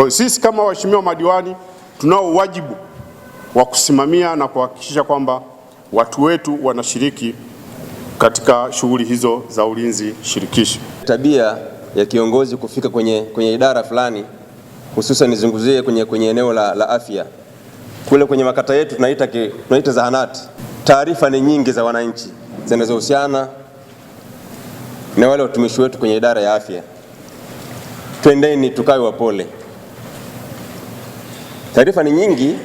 Kwa hiyo sisi kama waheshimiwa madiwani tunao wajibu wa kusimamia na kuhakikisha kwamba watu wetu wanashiriki katika shughuli hizo za ulinzi shirikishi. Tabia ya kiongozi kufika kwenye, kwenye idara fulani hususan nizungumzie kwenye, kwenye eneo la, la afya kule kwenye makata yetu tunaita, tunaita zahanati. Taarifa ni nyingi za wananchi zinazohusiana na wale watumishi wetu kwenye idara ya afya. Twendeni tukawe wapole. Taarifa ni nyingi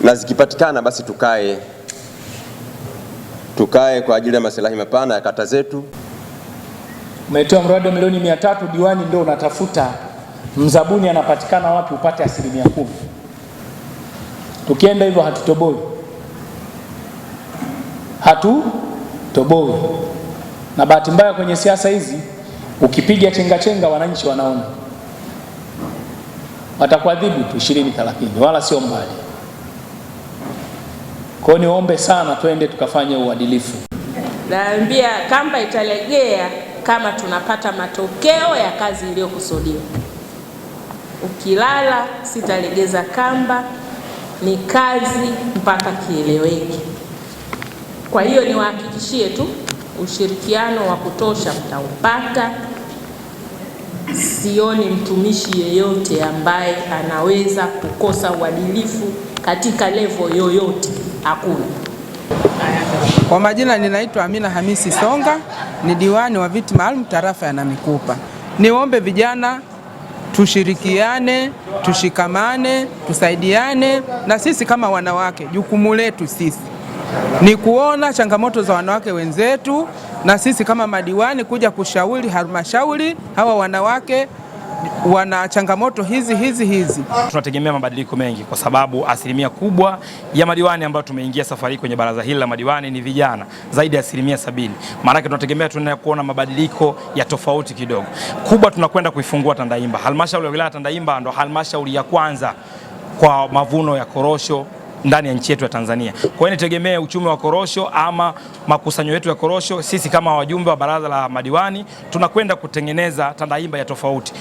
na zikipatikana basi tukae tukae kwa ajili ya maslahi mapana ya kata zetu. Umetoa mradi wa milioni mia tatu, diwani ndio unatafuta mzabuni anapatikana wapi upate asilimia kumi. Tukienda hivyo hatutoboi, hatutoboi. Na bahati mbaya kwenye siasa hizi ukipiga chenga chenga, wananchi wanaona watakuadhibu tu 20 30, wala sio mbali. Kwa hiyo niombe sana, twende tukafanye uadilifu. Naambia kamba italegea kama tunapata matokeo ya kazi iliyokusudiwa. Ukilala sitalegeza kamba, ni kazi mpaka kieleweke. Kwa hiyo niwahakikishie tu ushirikiano wa kutosha mtaupata sioni mtumishi yeyote ambaye anaweza kukosa uadilifu katika levo yoyote, hakuna. Kwa majina, ninaitwa Amina Hamisi Songa, ni diwani wa viti maalum tarafa ya Namikupa. Niombe vijana tushirikiane, tushikamane, tusaidiane, na sisi kama wanawake, jukumu letu sisi ni kuona changamoto za wanawake wenzetu na sisi kama madiwani kuja kushauri halmashauri hawa wanawake wana changamoto hizi hizi hizi. Tunategemea mabadiliko mengi, kwa sababu asilimia kubwa ya madiwani ambayo tumeingia safari kwenye baraza hili la madiwani ni vijana zaidi ya asilimia sabini. Maana yake tunategemea tunaenda kuona mabadiliko ya tofauti kidogo kubwa. Tunakwenda kuifungua Tandahimba, halmashauri ya wilaya Tandahimba ndo halmashauri ya kwanza kwa mavuno ya korosho ndani ya nchi yetu ya Tanzania. Kwa hiyo nitegemee uchumi wa korosho ama makusanyo yetu ya korosho, sisi kama wajumbe wa baraza la madiwani tunakwenda kutengeneza tandaimba ya tofauti.